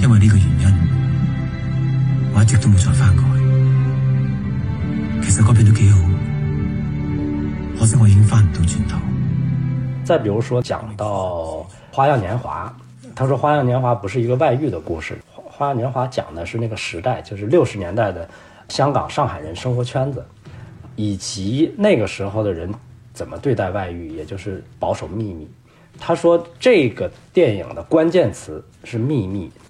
因為呢個原因，我一直都冇再翻過去。其實嗰邊都幾好，可惜我已經翻唔到轉頭。再比如說講到《花樣年華》，他說《花樣年華》不是一個外遇的故事，《花樣年華》講的是那個時代，就是六十年代的香港上海人生活圈子，以及那個時候的人怎麼對待外遇，也就是保守秘密。他說這個電影的關鍵詞是秘密。